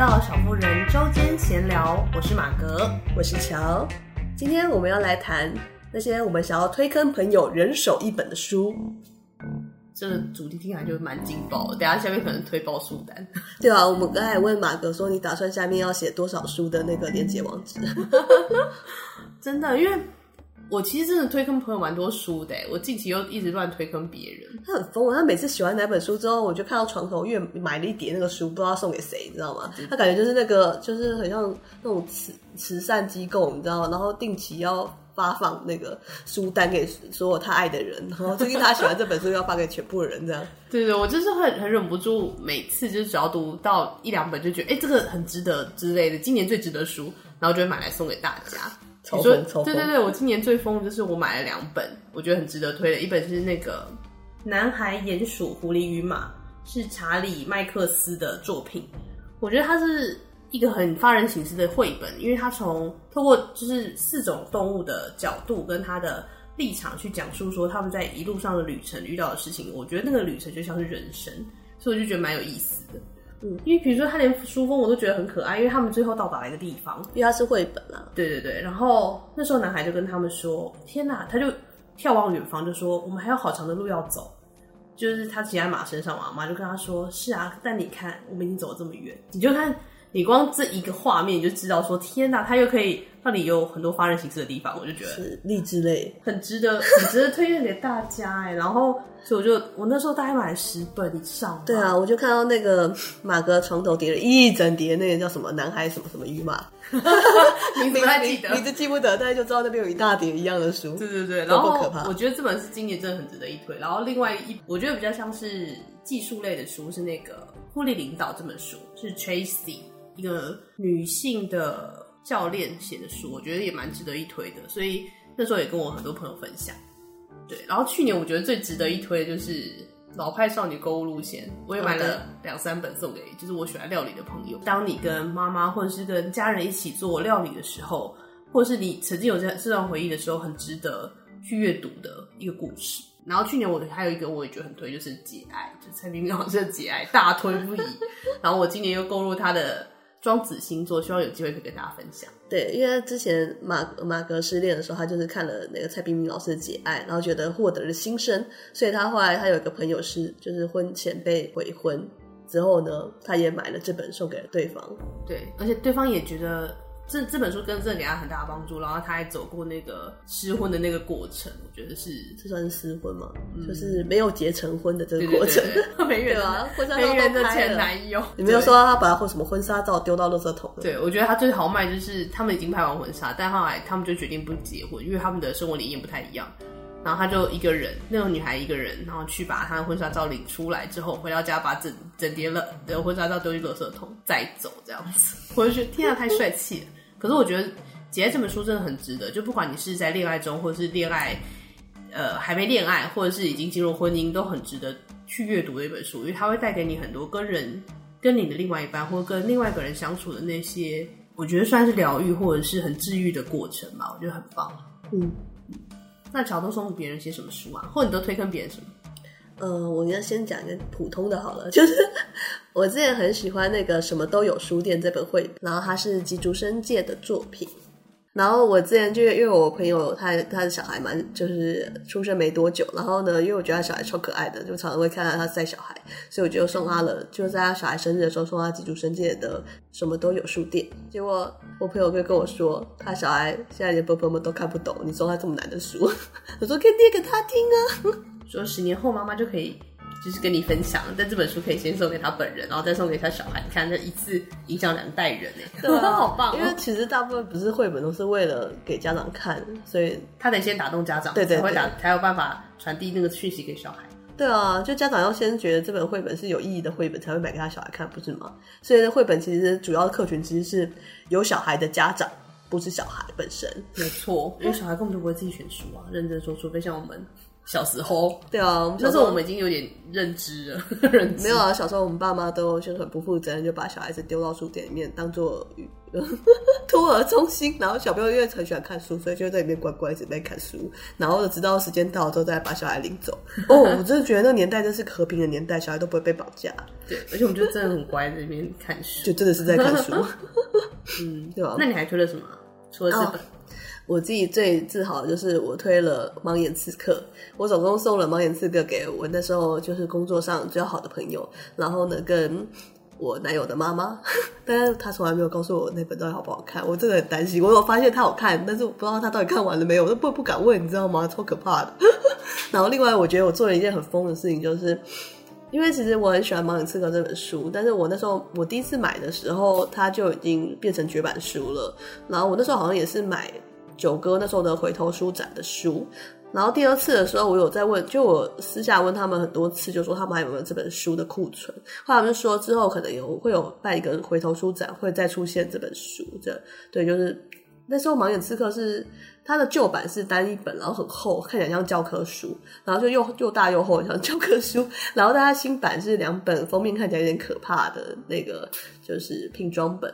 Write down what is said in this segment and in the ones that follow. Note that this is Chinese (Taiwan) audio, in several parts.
到小夫人週間閒聊，我是馬格，我是喬。今天我們要來談那些我們想要推坑朋友人手一本的書。這主題聽起來就蠻勁爆的，等下下面可能推爆書單。對啊，我們剛才問馬格說，你打算下面要寫多少書的那個鏈接網址？ 真的，因為。我其實真的推坑朋友蠻多書的，我近期又一直亂推坑別人。他很瘋，他每次喜歡哪本書之後，我就看到床頭，因為買了一疊那個書，不知道要送給誰，知道嗎？他感覺就是那個，就是很像那種慈慈善機構，你知道嗎？然後定期要發放那個書單給所有他愛的人。然後最近他喜歡這本書，要發給全部的人，這樣。 對，對對，我就是很很忍不住，每次就是只要讀到一兩本，就覺得哎、欸，這個很值得之類的，今年最值得書，然後就會買來送給大家。說對對對，我今年最瘋的就是我買了兩本，我覺得很值得推的。一本就是那個《男孩、鼴鼠、狐狸與馬》，是查理·麥克斯的作品。我覺得他是一個很發人省思的繪本，因為他從透過就是四種動物的角度跟他的立場去講述說他們在一路上的旅程遇到的事情。我覺得那個旅程就像是人生，所以我就覺得蠻有意思的。嗯，因為比如說他連書封我都覺得很可愛，因為他們最後到達了一個地方，因為他是繪本啦、啊、對對對，然後那時候男孩就跟他們說：“天哪、啊！”他就眺望遠方，就說：“我們還有好長的路要走。”就是他騎在馬身上嘛，馬就跟他說：“是啊，但你看，我們已經走了這麼遠。”你就看。你光這一個畫面你就知道說，天哪，它又可以讓你有很多發人省思的地方，我就覺得是勵志類，很值得，很值得推薦給大家哎、欸。然後，所以我就我那時候大概買十本以上。對啊，我就看到那個馬哥床頭疊了一整疊，那個叫什麼男孩什麼什麼與馬，你怎麼還記得， 你就記不得，大家就知道那邊有一大疊一樣的書。 對對對，多不可怕！我覺得這本是今年真的很值得一推。然後另外一，我覺得比較像是技術類的書是那個《複利領導》這本書，就是 Tracy。一個女性的教練寫的書，我覺得也蠻值得一推的，所以那時候也跟我很多朋友分享。對，然後去年我覺得最值得一推就是《老派少女購物路線》，我也買了兩三本送給就是我喜歡料理的朋友。Okay. 當你跟媽媽或者是跟家人一起做料理的時候，或是你曾經有這段回憶的時候，很值得去閱讀的一個故事。然後去年我還有一個我也覺得很推，就是《解愛》，就蔡璧名老師的《解愛》，大推不已。然後我今年又購入他的。莊子星座，希望有機會可以跟大家分享。對，因為之前馬馬哥失戀的時候，他就是看了那個蔡璧名老師的《解愛》，然後覺得獲得了新生，所以他後來他有一個朋友是就是婚前被悔婚之後呢，他也買了這本送給了對方。對，而且對方也覺得。這這本書跟這個給他很大的幫助，然後他還走過那個失婚的那個過程，嗯、我覺得是這算是失婚嗎？嗯、就是沒有結成婚的這個過程，對對對對沒人啊， 婚紗的，的前男友。你沒有說到他把什麼婚紗照丟到垃圾桶？對，我覺得他最豪邁就是他們已經拍完婚紗，但後來他們就決定不結婚，因為他們的生活理念不太一樣。然後他就一個人，那種女孩一個人，然後去把他的婚紗照領出來之後，回到家把整整疊了的婚紗照丟去垃圾桶，再走這樣子，我就覺得天啊，太帥氣了。可是我覺得《解愛》這本書真的很值得，就不管你是在戀愛中，或者是戀愛，呃，還沒戀愛，或者是已經進入婚姻，都很值得去閱讀的一本書，因為它會帶給你很多跟人、跟你的另外一半，或者跟另外一個人相處的那些，我覺得算是療癒或者是很治癒的過程吧，我覺得很棒。嗯，那喬都送別人寫什麼書啊？或者你都推坑別人什麼？嗯、呃，我應該先講一個普通的好了，就是我之前很喜歡那個《什麼都有書店》這本繪本，然後它是吉竹伸介的作品。然後我之前就因為我朋友他他的小孩蠻就是出生沒多久，然後呢，因為我覺得他小孩超可愛的，就常常會看到他帶小孩，所以我就送他了，就在他小孩生日的時候送他吉竹伸介的《什麼都有書店》。結果我朋友就跟我說，他小孩現在連波波們都看不懂，你送他這麼難的書，我說可以念給他聽啊。說十年後媽媽就可以，就是跟你分享。但這本書可以先送給他本人，然後再送給他小孩，你看，這一次影響兩代人呢？對啊， 好棒喔！因為其實大部分不是繪本都是為了給家長看，所以他得先打動家長，對，對對，才會打才有辦法傳遞那個訊息給小孩。對啊，就家長要先覺得這本繪本是有意義的繪本，才會買給他小孩看，不是嗎？所以繪本其實主要的客群其實是有小孩的家長，不是小孩本身。沒錯，因為小孩根本就不會自己選書啊，認真說，說，除非像我們。小時候，對啊，那時候，我們已經有點認知了。 認知了沒有啊，小時候我們爸媽都就很不負責任，就把小孩子丟到書店裡面當做 托兒中心，然後小朋友因為很喜歡看書，所以就在裡面乖乖一直在看書，然後直到時間到了之後再把小孩領走。哦，我真的覺得那年代真是和平的年代，小孩都不會被綁架。 對，而且我們就真的很乖，在裡面看書，就真的是在看書。 嗯，對吧、啊？那你還覺得什麼？除了日本？哦我自己最自豪的就是我推了《盲眼刺客》，我總共送了《盲眼刺客》給我那時候就是工作上比較好的朋友，然後呢，跟我男友的媽媽， 但是他從來沒有告訴我那本到底好不好看，我真的很擔心。我有發現他好看，但是我不知道他到底看完了沒有，我都不不敢問，你知道嗎？超可怕的。 然後另外我覺得我做了一件很瘋的事情，就是因為其實我很喜歡《盲眼刺客》這本書，但是我那時候我第一次買的時候，它就已經變成絕版書了。然後我那時候好像也是買。九哥那時候的回頭書展的書，然後第二次的時候，我有在問，就我私下問他們很多次，就說他們還有沒有這本書的庫存。後來他們說，之後可能有會有辦一個回頭書展，會再出現這本書。這對，就是那時候盲眼刺客是它的舊版是單一本，然後很厚，看起來像教科書，然後就又又大又厚，像教科書。然後但它新版是兩本，封面看起來有點可怕的那個，就是拼裝本。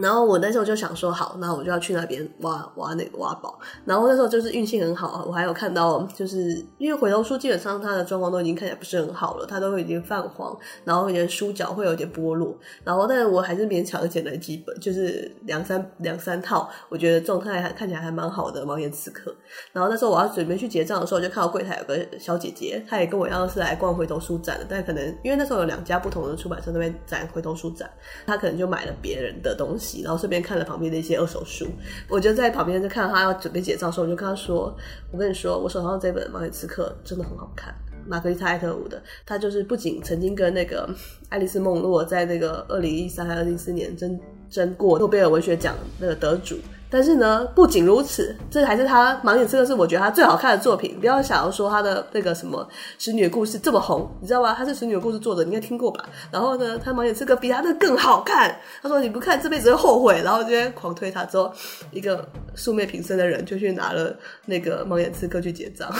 然後我那時候就想說，好，那我就要去那邊挖挖那個挖寶。然後那時候就是運氣很好，我還有看到，就是因為回頭書基本上它的狀況都已經看起來不是很好了，它都已經泛黃，然後連書角會有點剝落。然後但是我還是勉強撿了幾本，就是兩三兩三套，我覺得狀態還看起來還蠻好的《盲眼刺客》。然後那時候我要準備去結賬的時候，我就看到櫃檯有個小姐姐，她也跟我一樣是來逛回頭書展的，但可能因為那時候有兩家不同的出版社在那邊展回頭書展，她可能就買了別人的東西。然後順便看了旁邊的一些二手書，我就在旁邊就看他要準備結賬的時候，我就跟他說：“我跟你說，我手上這本《盲眼刺客》真的很好看，瑪格莉特·愛特伍的。他就是不僅曾經跟那個愛麗絲孟·孟若在那個二零一三、二零一四年爭爭過諾貝爾文學獎的那個得主。”但是呢，不僅如此，這還是他盲眼刺客，是我覺得他最好看的作品。不要想要說他的那個什麼《使女的故事》這麼紅，你知道吧？他是《使女的故事》作者，你應該聽過吧？然後呢，他盲眼刺客比他的更好看。他說你不看這輩子會後悔，然後直接狂推他。之後一個素昧平生的人就去拿了那個盲眼刺客去結賬。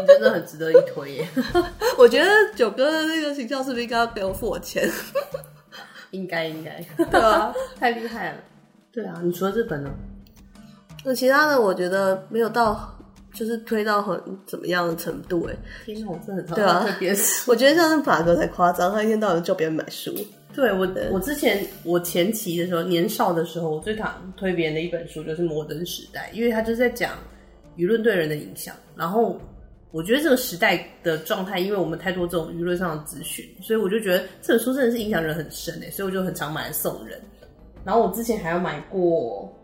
你真的很值得一推耶。 我覺得九哥的那個形象是不是應該要給我付我錢？應該應該， 對啊，太厲害了。對啊，你除了這本呢？那其他的我覺得沒有到，就是推到很怎麼樣的程度哎、欸。其實我是很別，對啊， 我覺得像是法哥才誇張，他一天到晚就叫別人買書。對我，對我之前我前期的時候，年少的時候，我最常推別人的一本書就是《摩登時代》，因為他就是在講輿論對人的影響。然後我覺得這個時代的狀態，因為我們太多這種輿論上的資訊，所以我就覺得這本書真的是影響人很深、欸、所以我就很常買來送人。然後我之前還要買過。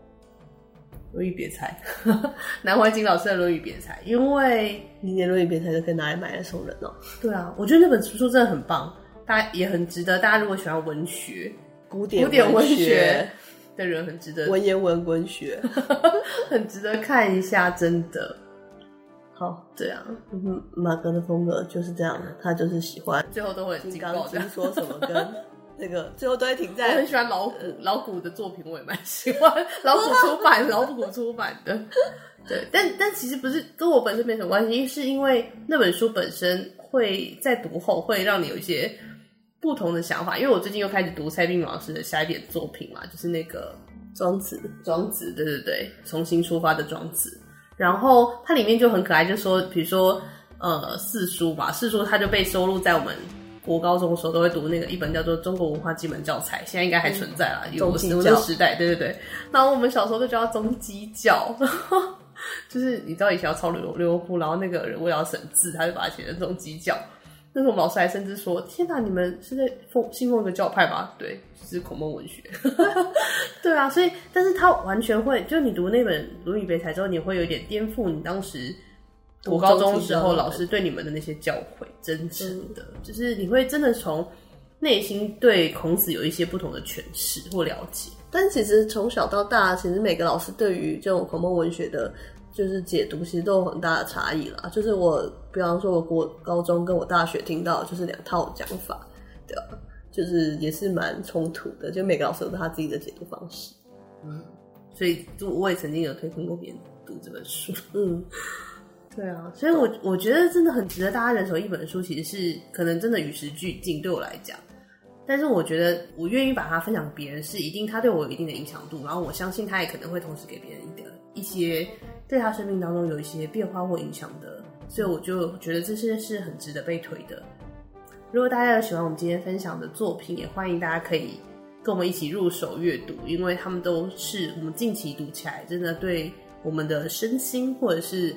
《論語別裁》呵呵，南懷瑾老師的《論語別裁》，因為明年《論語別裁》就可以拿來買了送人了、喔。對啊，我覺得那本書真的很棒，大家也很值得。大家如果喜歡文學、古典古典文學的人，很值得文言文文學， 很值得看一下。真的，好這樣，馬哥、啊嗯、的風格就是這樣，他就是喜歡。最後都會，你剛老是說什麼跟。 那、這個最後都還停在。我很喜歡老古、嗯、老古的作品，我也蠻喜歡老古出版、哇 老古出版的。 對，但但其實不是跟我本身沒什麼關係，因為是因為那本書本身會在讀後會讓你有一些不同的想法。因為我最近又開始讀蔡璧名老師的下一點作品嘛，就是那個《莊子》子，《莊子》對對對，重新出發的《莊子》，然後它裡面就很可愛，就說比如說呃四書吧，四書它就被收錄在我們。我高中的時候都會讀那個一本叫做《中國文化基本教材》，現在應該還存在啦。中基教時代，對對對。然後我們小時候就叫做中基教，呵呵，就是你知道以前要抄劉劉戶，然後那個人為了省字，他就把它寫成中基教。那時候我們老師還甚至說：“天哪、啊，你們是在奉信奉一個教派吧？”對，就是孔孟文學。呵呵 對啊，所以但是他完全會，就你讀那本《論語別裁》之後，你會有點顛覆你當時。我高中的時候老師對你們的那些教誨，真的、嗯、就是你會真的從內心對孔子有一些不同的詮釋或了解。但其實從小到大，其實每個老師對於這種孔孟文學的，就是解讀，其實都有很大的差異啦。就是我比方說，我國高中跟我大學聽到的就是兩套講法的、對啊，就是也是蠻衝突的。就每個老師有他自己的解讀方式。嗯，所以我也曾經有推薦過別人讀這本書。嗯。對啊，所以我，我對我覺得真的很值得大家人手一本書，其實是可能真的與時俱進。對我來講，但是我覺得我願意把它分享別人，是一定他對我有一定的影響度，然後我相信他也可能會同時給別人一點一些對他生命當中有一些變化或影響的，所以我就覺得這些是很值得被推的。如果大家有喜歡我們今天分享的作品，也歡迎大家可以跟我們一起入手閱讀，因為他們都是我們近期讀起來真的對我們的身心或者是。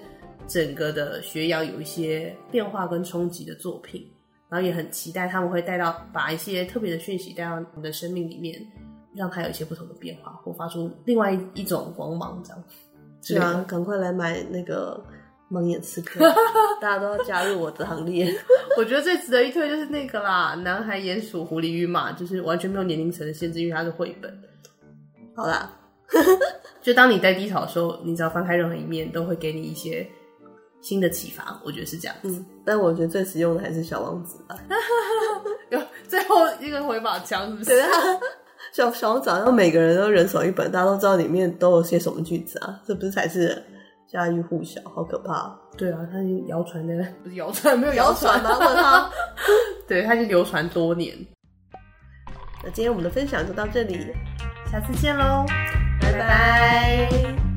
整個的學養有一些變化跟衝擊的作品，然後也很期待他們會帶到把一些特別的訊息帶到你的生命裡面，讓它有一些不同的變化，或發出另外一種光芒。這樣子，是啊，趕快來買那個盲眼刺客， 大家都要加入我的行列。 我覺得最值得一推就是那個啦，《男孩、鼴鼠、狐狸與馬》，就是完全沒有年齡層的限制他的的，因為它是繪本。好啦 就當你在低潮的時候，你只要翻開任何一面，都會給你一些。新的啟發，我覺得是這樣子。嗯、但我覺得最實用的還是《小王子、啊》吧。 有最後一個回馬槍是不是？小小王子讓每個人都人手一本，大家都知道裡面都有些什麼句子啊？這不是才是家喻戶曉，好可怕、啊。對啊，它是謠傳的，不是謠傳，沒有謠傳嗎？對，它是流傳多年。那今天我們的分享就到這裡，下次見嘍，拜拜。